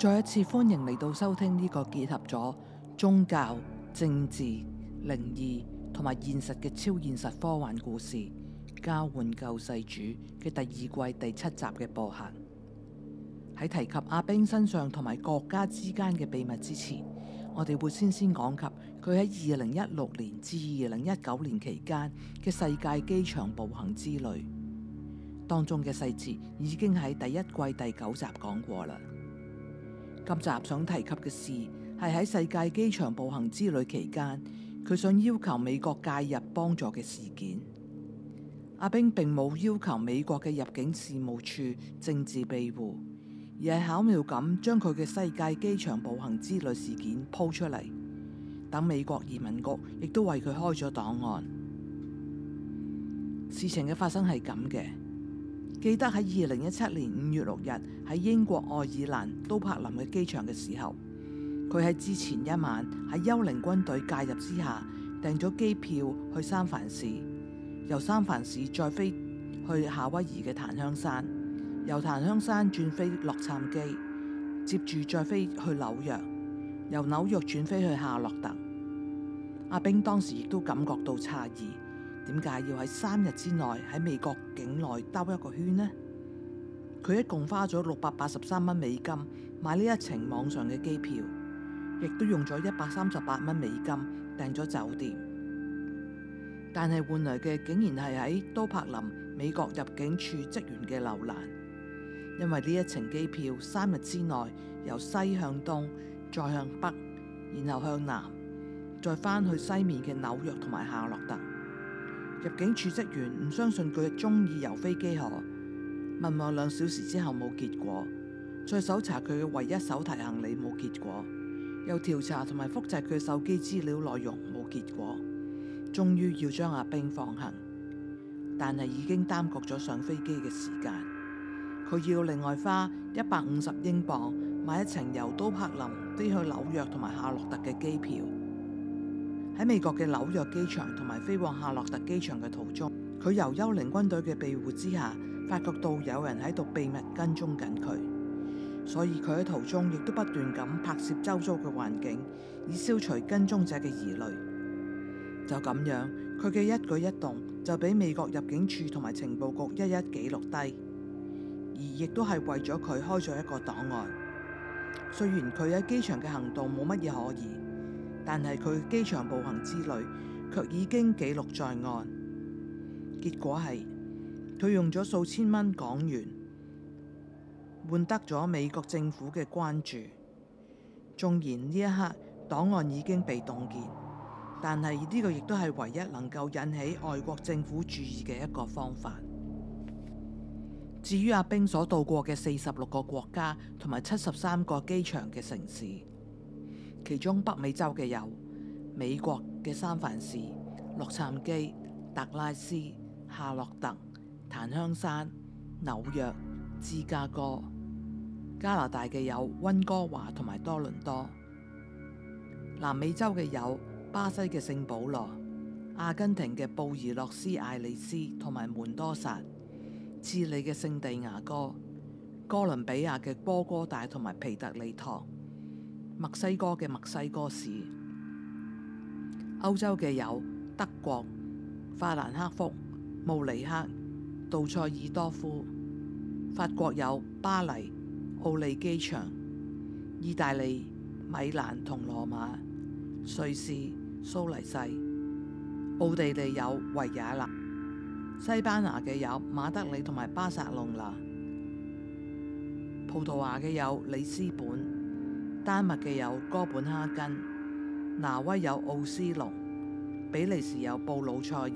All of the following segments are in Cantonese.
再一次歡迎嚟到收聽呢個結合咗宗教、政治、靈異同埋現實嘅超現實科幻故事《交換救世主》嘅第二季第七集嘅播客。喺提及阿兵身上同埋國家之間嘅秘密之前，我哋會先先講及佢喺二零一六年至二零一九年期間嘅世界機場步行之旅。當中嘅細節已經喺第一季第九集講過啦。今集想提及嘅事係喺世界機場步行之旅期間，佢想要求美國介入幫助嘅事件。阿冰並冇要求美國嘅入境事務處政治庇護，而係巧妙咁將佢嘅世界機場步行之旅事件鋪出嚟，等美國移民局亦都為佢開咗檔案。事情嘅發生係咁嘅。記得喺二零一七年五月六日喺英國愛爾蘭都柏林嘅機場嘅時候，佢喺之前一晚喺幽靈軍隊介入之下訂咗機票去三藩市，由三藩市再飛去夏威夷嘅檀香山，由檀香山轉飛洛杉磯，接住再飛去紐約，由紐約轉飛去夏洛特。阿兵當時亦都感覺到詫異。點解要喺三日之內喺美國境內兜一個圈呢？佢一共花咗六百八十三蚊美金買呢一程網上嘅機票，亦都用咗一百三十八蚊美金訂咗酒店，但係換來嘅竟然係喺都柏林美國入境處職員嘅留難，因為呢一程機票三日之內由西向東，再向北，然後向南，再返去西面嘅紐約同埋夏洛特。入境處職員唔相信佢中意遊飛機河，問問兩小時之後冇結果，再搜查佢嘅唯一手提行李冇結果，又調查同埋複製佢手機資料內容冇結果，終於要將阿冰放行，但係已經耽擱咗上飛機嘅時間，佢要另外花一百五十英鎊買一程由都柏林飛去紐約同埋夏洛特嘅機票。喺美國嘅紐約機場同埋飛往夏洛特機場嘅途中，佢由幽靈軍隊嘅庇護之下，發覺到有人喺度秘密跟蹤緊佢，所以佢喺途中亦都不斷咁拍攝周遭嘅環境，以消除跟蹤者嘅疑慮。就咁樣，佢嘅一舉一動就俾美國入境處同埋情報局一一記錄低，而亦都係為咗佢開咗一個檔案。雖然佢喺機場嘅行動冇乜嘢可疑。但係佢機場步行之旅卻已經記錄在案，結果係佢用咗數千蚊港元換得咗美國政府嘅關注。縱然呢一刻檔案已經被凍結，但係呢個亦都係唯一能夠引起外國政府注意嘅一個方法。至於阿兵所到過嘅四十六個國家同埋七十三個機場嘅城市。其中北美洲嘅有美國嘅三藩市、洛杉磯、達拉斯、夏洛特、檀香山、紐約、芝加哥；加拿大嘅有溫哥華同埋多倫多；南美洲嘅有巴西嘅聖保羅、阿根廷嘅布宜諾斯艾利斯同埋門多薩、智利嘅聖地牙哥、哥倫比亞嘅波哥大同埋皮特里托。墨西哥嘅墨西哥市，歐洲嘅有德國、法蘭克福、慕尼黑、杜塞爾多夫；法國有巴黎、奧利機場；意大利、米蘭同羅馬；瑞士、蘇黎世；奧地利有維也納；西班牙嘅有馬德里同埋巴塞隆拿；葡萄牙嘅有里斯本。丹麥嘅有哥本哈根，挪威有奧斯陸，比利時有布魯塞爾，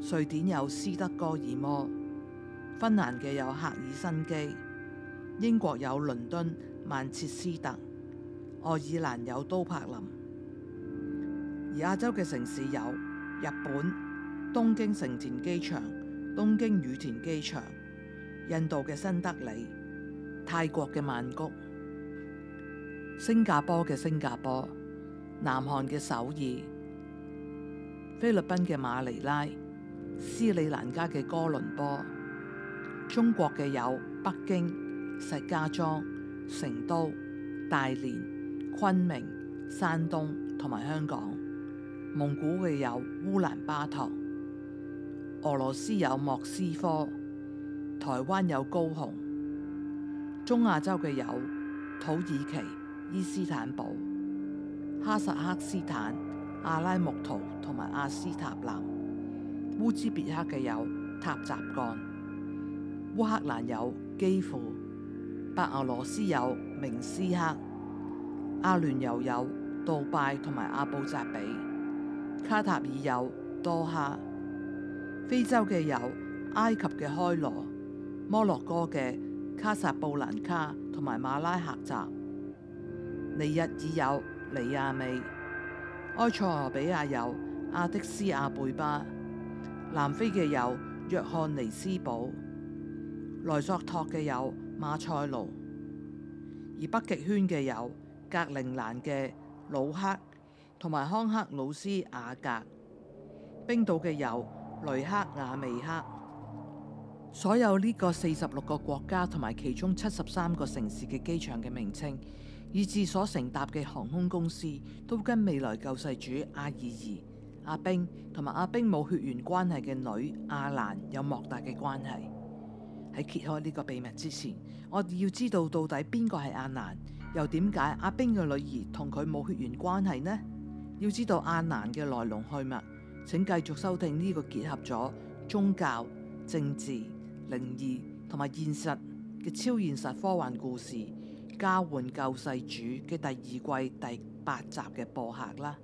瑞典有斯德哥爾摩，芬蘭嘅有赫爾辛基，英國有倫敦曼切、曼徹斯特，愛爾蘭有都柏林，而亞洲嘅城市有日本東京成田機場、東京羽田機場，印度嘅新德里，泰國嘅曼谷。新加坡嘅新加坡，南韓嘅首爾，菲律賓嘅馬尼拉，斯里蘭卡嘅哥倫坡，中國嘅有北京、石家莊、成都、大連、昆明、山東同埋香港，蒙古嘅有烏蘭巴托，俄羅斯有莫斯科，台灣有高雄，中亞洲嘅有土耳其。伊斯坦堡、哈薩克斯坦、阿拉木圖同埋阿斯塔納，烏茲別克嘅有塔什幹，烏克蘭有基輔，白俄羅斯有明斯克，阿聯酋有杜拜同埋阿布扎比，卡塔爾有多哈，非洲嘅有埃及嘅開羅，摩洛哥嘅卡薩布蘭卡同埋馬拉喀什。尼日爾有尼亞美，埃塞俄比亞有亞的斯亞貝巴，南非嘅有約翰尼斯堡，萊索托嘅有馬塞盧，而北極圈嘅有格陵蘭嘅努克，同埋康克魯斯雅格，冰島嘅有雷克雅未克，所有呢個四十六個國家同埋其中七十三個城市嘅機場嘅名稱。以至所乘搭嘅航空公司都跟未來救世主阿爾、阿冰同埋阿冰冇血緣關係嘅女阿蘭有莫大嘅關係。喺揭開呢個秘密之前，我要知道到底邊個係阿蘭，又點解阿冰嘅女兒同佢冇血緣關係呢？要知道阿蘭嘅來龍去脈，請繼續收聽呢個結合咗宗教、政治、靈異同埋現實嘅超現實科幻故事。交換救世主嘅第二季第八集嘅播客啦。